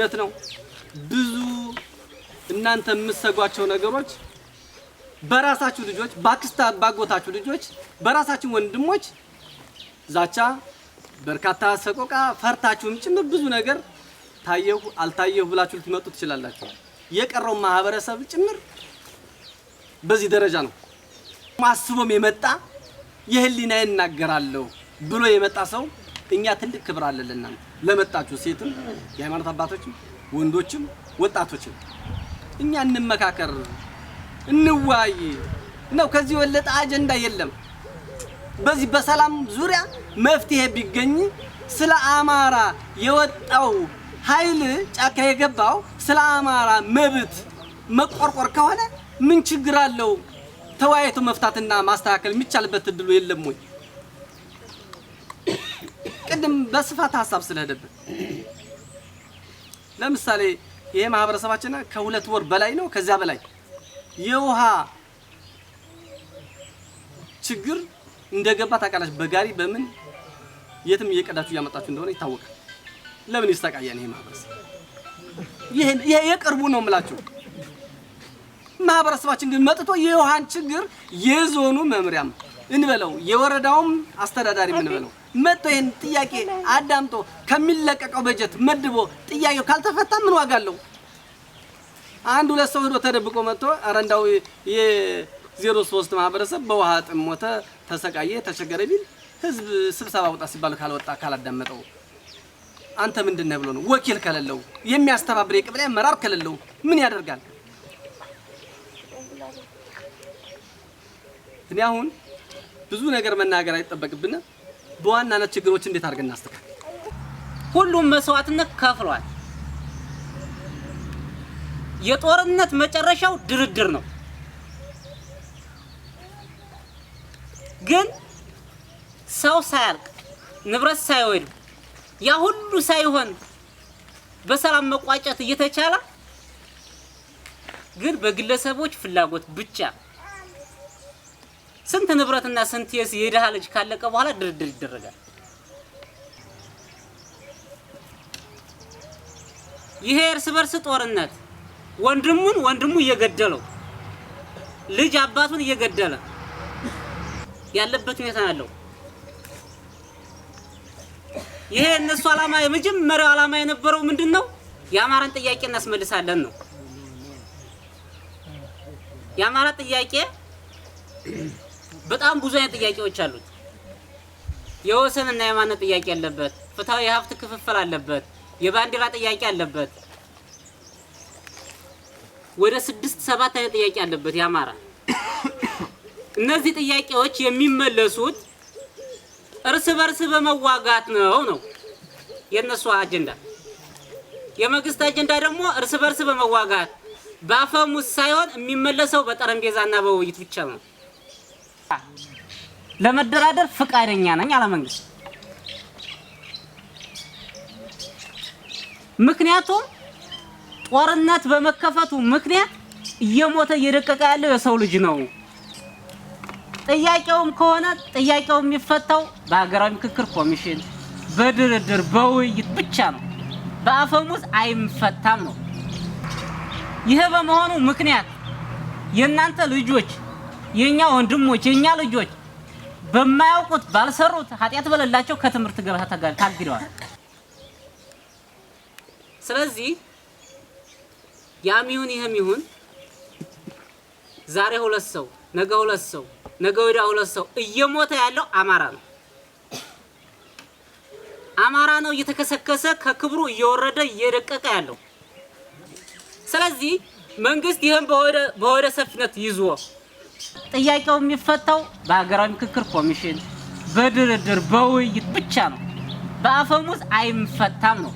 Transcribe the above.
እውነት ነው። ብዙ እናንተ የምትሰጓቸው ነገሮች በራሳችሁ ልጆች፣ ባክስታ ባጎታችሁ ልጆች፣ በራሳችሁ ወንድሞች ዛቻ፣ በርካታ ሰቆቃ ፈርታችሁም ጭምር ብዙ ነገር ታየሁ አልታየሁ ብላችሁ ልትመጡ ትችላላችሁ። የቀረው ማህበረሰብ ጭምር በዚህ ደረጃ ነው። ማስቦም የመጣ የህሊና ይናገራለሁ ብሎ የመጣ ሰው እኛ ትልቅ ክብር አለን ለመጣችሁ ሴትም የሃይማኖት አባቶችም ወንዶችም ወጣቶችም እኛ እንመካከር፣ እንዋይ ነው። ከዚህ የበለጠ አጀንዳ የለም። በዚህ በሰላም ዙሪያ መፍትሄ ቢገኝ ስለ አማራ የወጣው ኃይል ጫካ የገባው ስለ አማራ መብት መቆርቆር ከሆነ ምን ችግር አለው? ተወያይቶ መፍታትና ማስተካከል የሚቻልበት እድሉ የለም ወይ? ቅድም በስፋት ሀሳብ ስለሄደብን ለምሳሌ ይሄ ማህበረሰባችን ከሁለት ወር በላይ ነው ከዚያ በላይ የውሃ ችግር እንደገባ ታውቃላችሁ። በጋሪ በምን የትም እየቀዳችሁ እያመጣችሁ እንደሆነ ይታወቃል። ለምን ይስተቃያል? ይሄ ማህበረሰብ ይሄ የቅርቡ ነው የምላችሁ። ማህበረሰባችን ግን መጥቶ የውሃን ችግር የዞኑ መምሪያም እንበለው የወረዳውም አስተዳዳሪ እንበለው መጥቶ ይህን ጥያቄ አዳምጦ ከሚለቀቀው በጀት መድቦ ጥያቄው ካልተፈታ ምን ዋጋ አለው? አንድ ሁለት ሰው ሄዶ ተደብቆ መጥቶ አረንዳው እንዳው የዜሮ ሶስት ማህበረሰብ በውሃ ጥም ሞተ፣ ተሰቃየ፣ ተቸገረ ቢል ህዝብ ስብሰባ ውጣ ሲባል ካልወጣ ካላዳመጠው አንተ ምንድን ነህ ብሎ ነው። ወኪል ከሌለው የሚያስተባብር የቀበሌ አመራር ከሌለው ምን ያደርጋል? እኔ አሁን ብዙ ነገር መናገር አይጠበቅብንም። በዋናነት ችግሮች እንዴት አድርገን እናስተካክል። ሁሉም መስዋዕትነት ከፍሏል። የጦርነት መጨረሻው ድርድር ነው። ግን ሰው ሳያልቅ ንብረት ሳይወድ ያ ሁሉ ሳይሆን በሰላም መቋጨት እየተቻለ ግን በግለሰቦች ፍላጎት ብቻ ስንት ንብረትና ስንት የድሃ ልጅ ካለቀ በኋላ ድርድር ይደረጋል። ይሄ እርስ በርስ ጦርነት ወንድሙን ወንድሙ እየገደለው ልጅ አባቱን እየገደለ ያለበት ሁኔታ ያለው ይሄ እነሱ ዓላማ የመጀመሪያው ዓላማ የነበረው ምንድን ነው? የአማራን ጥያቄ እናስመልሳለን ነው የአማራ ጥያቄ በጣም ብዙ አይነት ጥያቄዎች አሉት። የወሰንና የማንነት ጥያቄ አለበት። ፍትሃዊ የሀብት ክፍፍል አለበት። የባንዲራ ጥያቄ አለበት። ወደ ስድስት ሰባት አይነት ጥያቄ አለበት የአማራ። እነዚህ ጥያቄዎች የሚመለሱት እርስ በርስ በመዋጋት ነው ነው የእነሱ አጀንዳ። የመንግስት አጀንዳ ደግሞ እርስ በርስ በመዋጋት በአፈሙስ ሳይሆን የሚመለሰው በጠረጴዛና በውይይት ብቻ ነው። ለመደራደር ፍቃደኛ ነኝ አለ መንግስት። ምክንያቱም ጦርነት በመከፈቱ ምክንያት እየሞተ እየደቀቀ ያለው የሰው ልጅ ነው። ጥያቄውም ከሆነ ጥያቄው የሚፈታው በሀገራዊ ምክክር ኮሚሽን፣ በድርድር በውይይት ብቻ ነው። በአፈሙዝ አይፈታም ነው። ይሄ በመሆኑ ምክንያት የእናንተ ልጆች የኛ ወንድሞች የኛ ልጆች በማያውቁት ባልሰሩት ኃጢአት በሌላቸው ከትምህርት ገበታ ታግደዋል። ስለዚህ ያም ይሁን ይህም ይሁን ዛሬ ሁለት ሰው ነገ ሁለት ሰው ነገ ወዲያ ሁለት ሰው እየሞተ ያለው አማራ ነው። አማራ ነው እየተከሰከሰ ከክብሩ እየወረደ እየደቀቀ ያለው። ስለዚህ መንግስት ይህም በሆደ ሰፊነት ይዞ ጥያቄው የሚፈታው በሀገራዊ ምክክር ኮሚሽን፣ በድርድር፣ በውይይት ብቻ ነው። በአፈሙዝ አይፈታም ነው